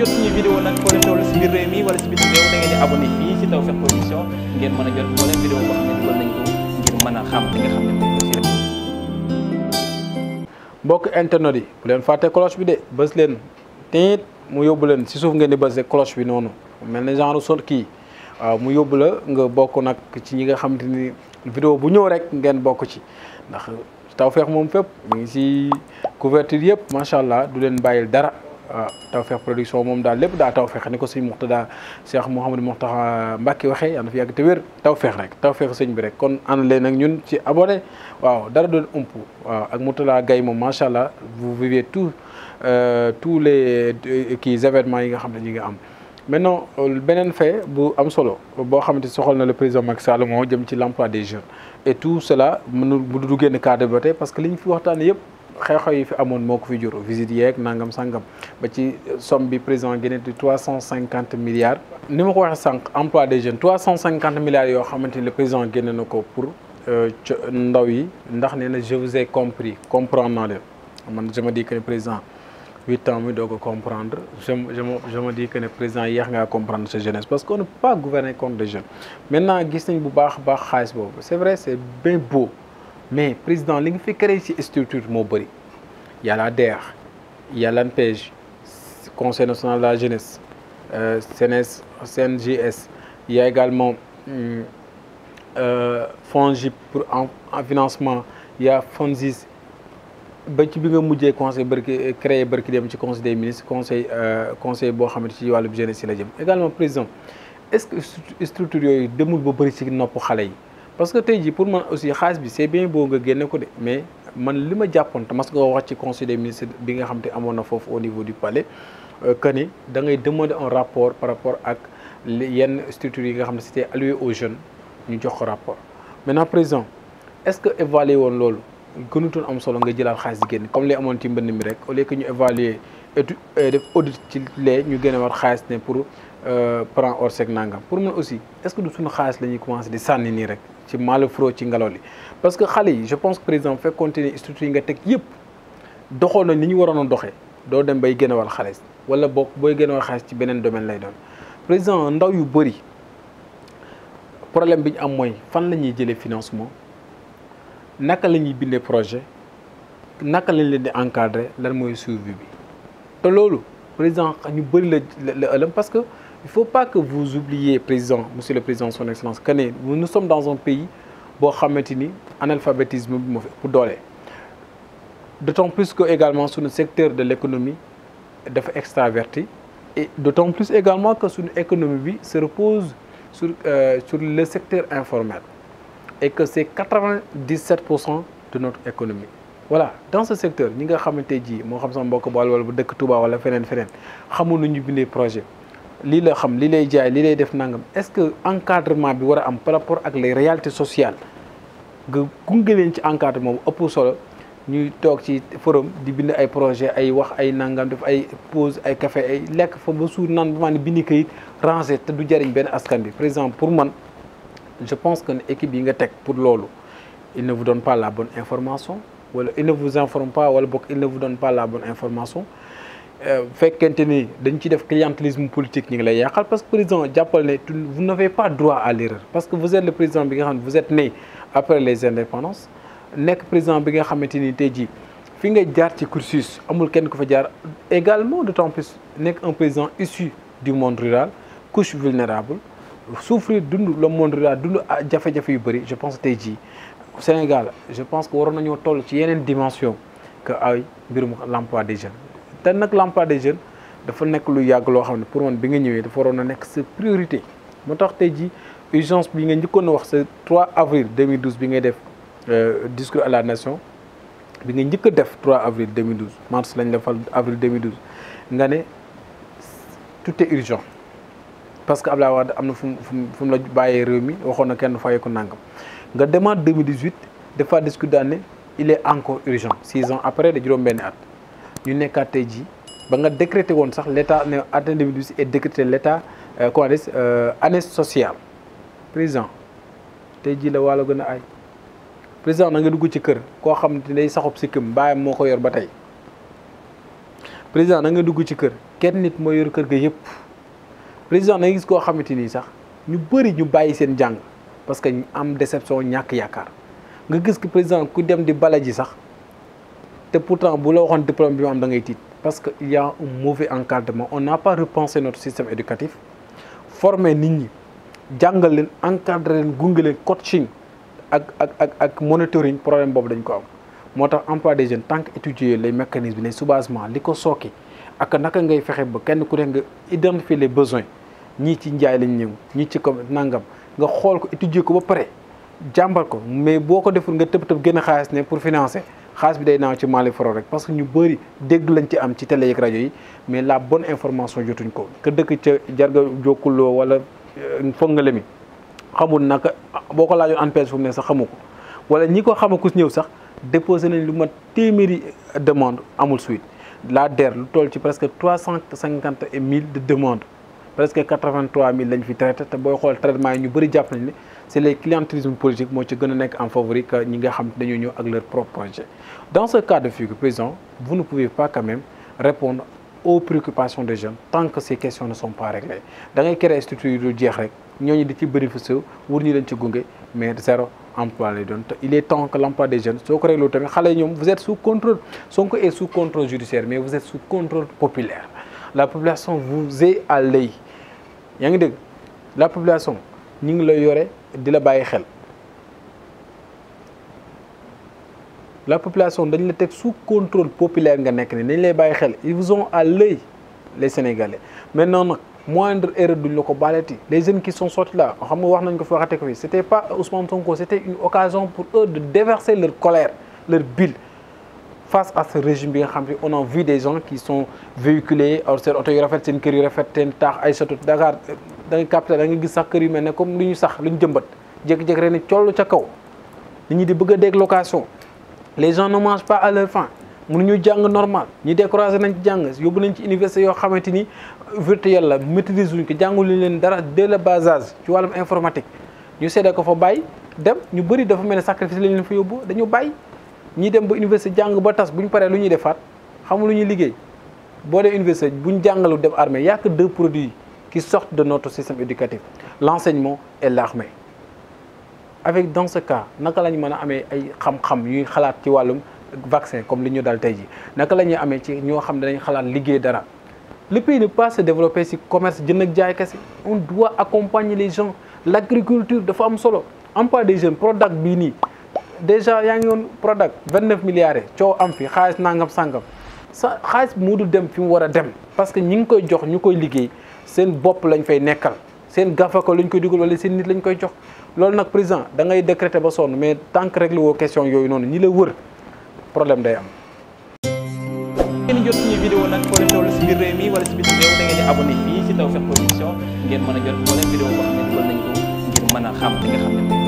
jot ngeen mën a jot moo mën a xam li internet yi bu leen fàtte cloche bi de bës leen tiit mu yóbbu leen si suuf ngeen di bës de cloche bi noonu mel na genre sol kii waaw mu yóbbu la nga bokk nag ci ñi nga xamante ni vidéo bu ñëw rek ngeen bokk ci ndax Tawfekh moom fépp mu ngi si couverture yëpp macha allah du leen bàyyil dara. waaw ah, Tawfekh production moom daal lépp daa Tawfekh ni ko sëñ Mourtada Cheikh Mouhamadou Mourtada Mbacké waxee yàlla na fi yàgg te wér Tawfekh rek Tawfekh sëñ bi rek kon ànd leen nag ñun ci abonné waaw dara doon ump waaw ak Mourtada Gaye moom macha allah vous vivez tout euh, tous les euh, kii événements yi nga xam ne ñu ngi am. mais non euh, beneen fait bu am solo boo xamante soxal na le président Macky Sall moo jëm ci l'emploi des jeunes et tout cela mënul nu du génn cadre bi ba tey parce que li ñu fi waxtaanee yëpp. xew-xew yi fi amoon moo ko fi juru visite yeeg nangam sangam ba ci somme bi président génne di cent cinquante milliards. ni ma ko waxee sànq emploi des jeunes trois cent cinquante milliards yoo xamante ni le président génne na ko pour euh, ndaw yi ndax nee na je compris comprendre naa leen man di me dis que ne président huit ans mi doo ko comprendre je je me que ne président yéex ngaa comprendre sa jeunesse parce qu'on ne pas gouverner contre des jeunes maintenant gis nañ bu baax a baax xaalis boobu c'est vrai mais président li nga fi créé ci structure moo bëri y a la DER y a conseil national de la jeunesse euh, CNS CNJS il y a également hmm, euh, FONGIP pour en financement il y a FONSIS ba ci bi nga mujjee conseil bërki créé bërki dem ci conseil des ministres conseil euh, conseil boo xamante ci wàllu jeunesse si la jëm également président est-ce que structure yooyu demul ba bëri ci nopp xale yi parce que tey jii pour man aussi xaalis bi c'est bien beau nga génne ko de mais man li ma jàppoon te mas nga wax ci conseil des ministres bi nga xam te amoon na foofu au niveau du palais euh, que ni da ngay un rapport par rapport ak yenn structures yi nga xam ne c'était alloué aux jeunes ñu jox ko rapport maintenant président est-ce que évaluer woon loolu gënutoon am solo nga jëlaat xaalis di génn comme li amoon ci mbënd mi rek au lieu que ñu évaluer étude euh, def audit ci lee ñu pour Euh, plan Orsec nangam pour man aussi est-ce que du suñu xaalis la ñuy commencé di sànni nii rek ci malfraux ci ngelaw li parce que xale yi je pense que président bu fekkoon ne structure yi nga teg yëpp doxoon nañ ni ñu waroon a doxee doo dem bay génnewal xaalis wala boog booy génnewal xaalis ci beneen domaine lay doon président ndaw yu bëri problème bi ñu am mooy fan la ñuy jëlee financement naka la ñuy bindee projet naka lañ leen di encadrer lan mooy suivi bi te que. il faut pas que vous oubliez président monsieur le président son excellence que ne nous sommes dans un pays boo xamante ni analphabétisme bi moo fi ëpp doole d'autant plus que également suñu secteur de l'économie dafa extraverti et d'autant plus également que suñu économie bi se repose sur euh, sur le secteur informel et que c'est 97 pour cent de notre économie voilà dans ce secteur ñi nga xamante ji moo xam sama mbokk bool wala bu dëkk Touba wala feneen feneen xamuñu ñu bindee projet lii la xam lii lay jaay lii lay def nangam est-ce que encadrement bi war a am par rapport ak les réalités sociales nga gunge ci encadrement bu ëpp solo ñuy toog ci forum di bind ay projet ay wax ay nangam def ay pause ay kafe ay lekk fa ba suur naan bi maa ne bindi kayit rangé te du jariñ benn askan bi par exemple pour man je pense que ne équipe yi nga teg pour loolu il ne vous la bonne information wala il ne vous wala bokk il ne vous donne information Euh, fekkente ni dañ ci def clientélisme politique ñu ngi lay yàqal parce que président jàppal ne vous n'avez pas droit à l'erreur parce que vous êtes le président bi nga xam ne vous êtes né après les indépendances nekk président bi nga xamante ni tey jii fi nga jaar ci cursus amul kenn ku fa jaar également d'autant plus nekk un président issu du monde rural couche vulnérable souffrir dund le monde rural dund ah, jafe-jafe yu bëri je pense tey jii Sénégal je pense que waroon nañoo toll ci yeneen dimension que ay mbirum l'emploi des jeunes te nag l'emploi des jeunes dafa nekk lu yàgg loo xam ne pour man bi nga ñëwee dafa waroon a nekk sa priorité moo tax tey jii urgence bi nga njëkkoon a wax sa 3 avril 2012 bi ngay def euh, discours à la nation bi nga njëkk a def 3 avril 2012 mars lañ la fal avril 2012 nga ne toute est urgent parce que Abdoulaye Wade am na fu mu fu mu la bàyyee réew mi waxoon na kenn fayee ko nangam nga demaat 2018 dafa discours daal ne il e encore urgent 6 ans après de juróom-benni at. ñu nekkaat tey jii ba nga décrété woon sax l' ne atteinte de préjudice et décrété l' état comment euh, dire euh, année président tey jii la waalo gën a ay président na nga dugg ci kër koo xam ne day saxub sikkim baayam moo ko yor ba tey président na nga dugg ci kër kenn nit moo yor kër ga yëpp président na gis koo xamante nii sax ñu bëri ñu bàyyi seen jàng parce que am déception ñàkk yaakaar nga gis ki président ku dem di bala ji sax te pour pourtant bu la waxoon diplôme bi mu am da ngay tiit parce que il y a un mauvais encadrement on n'a pas repensé notre système éducatif former nit ñi jàngal leen encadrer leen gunge leen coaching ak ak ak ak monitoring problème boobu dañ ko am moo tax emploi des jeunes tant que étudier les lay les soubassements li ko sooke ak naka ngay fexe ba kenn ku ne nga identifier les besoins ñii ci njaay lañ ñëw ñii ci ko nangam nga xool ko étudier ko ba pare jàmbar ko mais boo ko deful nga tëb tëb gën a xaalis ne pour financer. xaalis bi day naa ci Mali foro rek parce que ñu bëri dégg lañ ci am ci télé yeeg rajo yi mais la bon information jotuñ ko que dëkk ca jarga jokkuloo wala euh, fongale mi xamul naka boo ko laajoon ANPEJ fu mu ne sax xamu ko wala ñi ko xama ku ñëw sax déposé nañ lu mat téeméeri demande amul suite la DER lu toll ci presque trois cent cinquante mille de demandes presque 83000 fi traité te booy xool traitement yi ñu bëri jàpp nañ ne c'est les clientélisme politique moo ci gën a nekk en favori que ñi nga xam dañoo ñëw ak leur propre projet dans ce cas de figure président vous ne pouvez pas quand même répondre aux préoccupations des jeunes tant que ces questions ne sont pas réglées da ngay créer structure yu jeex rek ñooñu di ci bénéficier wur ñu leen ci gunge mais zéro emploi lay doon te il est temps que l'emploi des jeunes soo ko réglé tamit xale ñoom vous êtes sous contrôle Sonko est sous contrôle judiciaire mais vous êtes sous contrôle à l'œil yaa ngi dégg la population ñu ngi lay yore di la bàyyi xel la population dañ la teg sous contrôle populaire nga nekk ni dañ lay bàyyi xel ils vous ont à l'œil les sénégalais maintenant nag moindre erreur duñ la ko baalati les jeunes qui sont sortis là nga wax nañ ko fi waxate ko fi c'était pas Ousmane Sonko c'était une occasion pour eux de déverser leur colère leur bile face à ce régime bi nga xam ne on a vu des gens qui sont véhiculés alors seen oto yu rafet seen kër yu rafet seen taax ay soto Dakar da nga capital da nga gis sax kër yu mel ne comme lu ñu sax lu ñu jëmbat jékki-jékki rek ne coll ca kaw nit ñi di bëgg a dégg location les gens ne mangent pas à leur faim mënuñu jàng normal ñi découragé nañ ci jàng yóbbu nañ ci université yoo xamante ni virtuel la maîtrise wuñ ko jànguluñ leen dara de le bas ci wàllum informatique ñu seede ko fa bàyyi dem ñu bëri dafa mel ne sacrifice lañ leen fa yóbbu dañu bàyyi ñi dem ba université jàng ba tas bu ñu paree lu ñuy defaat xam lu ñuy liggéey boo dee université bu ñu jàngalu dem armée y a que deux produits qui sortent de notre système éducatif l'enseignement et l'armée avec dans ce cas naka la ñu mën a amee ay xam-xam yuy xalaat ci wàllum vaccin comme li ñu dal tey ji naka la ñuy amee ci ñoo xam ne dañu xalaat liggéey dara le pays ne pas développer ci commerce jënd ak jaay kese on doit accompagner les gens l'agriculture dafa am solo emploi des jeunes Prodac bii nii déjà yaa ngi woon Prodac vingt neuf milliards coow am fi xaalis nangam sangam sa xaalis mu dul dem fi mu war a dem parce que ñi ngi koy jox ñu koy liggéey seen bopp lañ fay nekkal seen gafaka lañ koy dugal wala seen nit lañ koy jox loolu nag président da ngay décréter ba sonn mais tant que réglé woo question yooyu noonu ñi la wër problème day am. ngeen jot suñu vidéo nag ngeen mën a jot moo mën a xam li